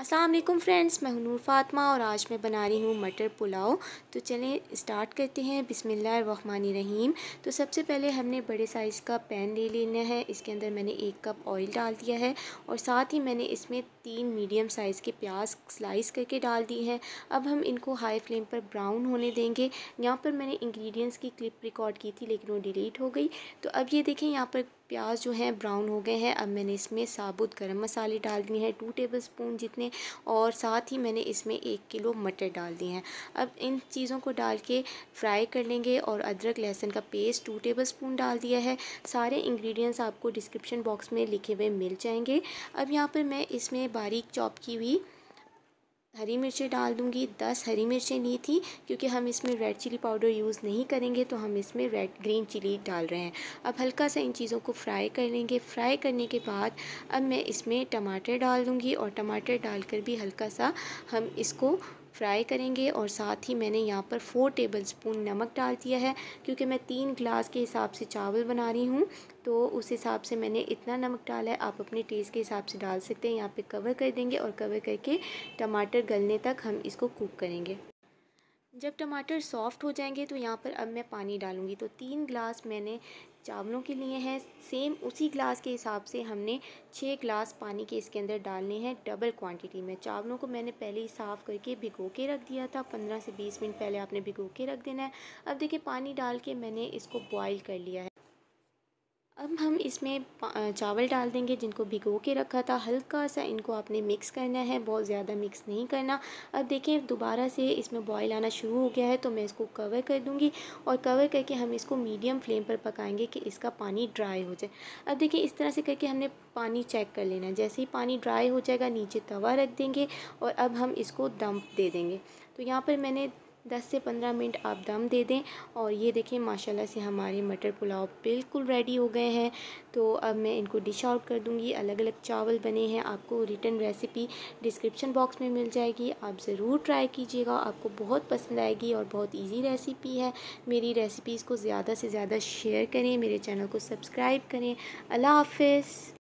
अस्सलाम वालेकुम फ्रेंड्स मैं हूं नूर फातमा और आज मैं बना रही हूं मटर पुलाव तो चलें स्टार्ट करते हैं रहीम तो सबसे पहले हमने बड़े साइज़ का पैन ले लेना है इसके अंदर मैंने एक कप ऑयल डाल दिया है और साथ ही मैंने इसमें तीन मीडियम साइज़ के प्याज स्लाइस करके डाल दी हैं अब हम इनको हाई फ्लेम पर ब्राउन होने देंगे यहाँ पर मैंने इंग्रेडिएंट्स की क्लिप रिकॉर्ड की थी लेकिन वो डिलीट हो गई तो अब ये देखें यहाँ पर प्याज जो है ब्राउन हो गए हैं अब मैंने इसमें साबुत गर्म मसाले डाल दिए हैं टू टेबल स्पून जितने और साथ ही मैंने इसमें एक किलो मटर डाल दिए हैं अब इन चीज़ों को डाल के फ्राई कर लेंगे और अदरक लहसुन का पेस्ट टू टेबल स्पून डाल दिया है सारे इंग्रेडिएंट्स आपको डिस्क्रिप्शन बॉक्स में लिखे हुए मिल जाएंगे अब यहाँ पर मैं इसमें बारीक चॉप की हुई हरी मिर्चें डाल दूँगी दस हरी मिर्चें ली थी क्योंकि हम इसमें रेड चिली पाउडर यूज़ नहीं करेंगे तो हम इसमें रेड ग्रीन चिली डाल रहे हैं अब हल्का सा इन चीज़ों को फ्राई कर लेंगे फ्राई करने के बाद अब मैं इसमें टमाटर डाल दूँगी और टमाटर डालकर भी हल्का सा हम इसको फ्राई करेंगे और साथ ही मैंने यहाँ पर फ़ोर टेबल स्पून नमक डाल दिया है क्योंकि मैं तीन ग्लास के हिसाब से चावल बना रही हूँ तो उस हिसाब से मैंने इतना नमक डाला है आप अपने टेस्ट के हिसाब से डाल सकते हैं यहाँ पे कवर कर देंगे और कवर करके टमाटर गलने तक हम इसको कुक करेंगे जब टमाटर सॉफ़्ट हो जाएंगे तो यहाँ पर अब मैं पानी डालूँगी तो तीन ग्लास मैंने चावलों के लिए हैं सेम उसी ग्लास के हिसाब से हमने छः ग्लास पानी के इसके अंदर डालने हैं डबल क्वांटिटी में चावलों को मैंने पहले ही साफ़ करके भिगो के रख दिया था पंद्रह से बीस मिनट पहले आपने भिगो के रख देना है अब देखिए पानी डाल के मैंने इसको बॉयल कर लिया है अब हम इसमें चावल डाल देंगे जिनको भिगो के रखा था हल्का सा इनको आपने मिक्स करना है बहुत ज़्यादा मिक्स नहीं करना अब देखें दोबारा से इसमें बॉयल आना शुरू हो गया है तो मैं इसको कवर कर दूंगी और कवर करके हम इसको मीडियम फ्लेम पर पकाएंगे कि इसका पानी ड्राई हो जाए अब देखिए इस तरह से करके हमने पानी चेक कर लेना है जैसे ही पानी ड्राई हो जाएगा नीचे तवा रख देंगे और अब हम इसको दम दे देंगे तो यहाँ पर मैंने दस से पंद्रह मिनट आप दम दे दें और ये देखें माशाल्लाह से हमारे मटर पुलाव बिल्कुल रेडी हो गए हैं तो अब मैं इनको डिश आउट कर दूँगी अलग अलग चावल बने हैं आपको रिटर्न रेसिपी डिस्क्रिप्शन बॉक्स में मिल जाएगी आप ज़रूर ट्राई कीजिएगा आपको बहुत पसंद आएगी और बहुत ईजी रेसिपी है मेरी रेसिपीज़ को ज़्यादा से ज़्यादा शेयर करें मेरे चैनल को सब्सक्राइब करें अल्लाह हाफ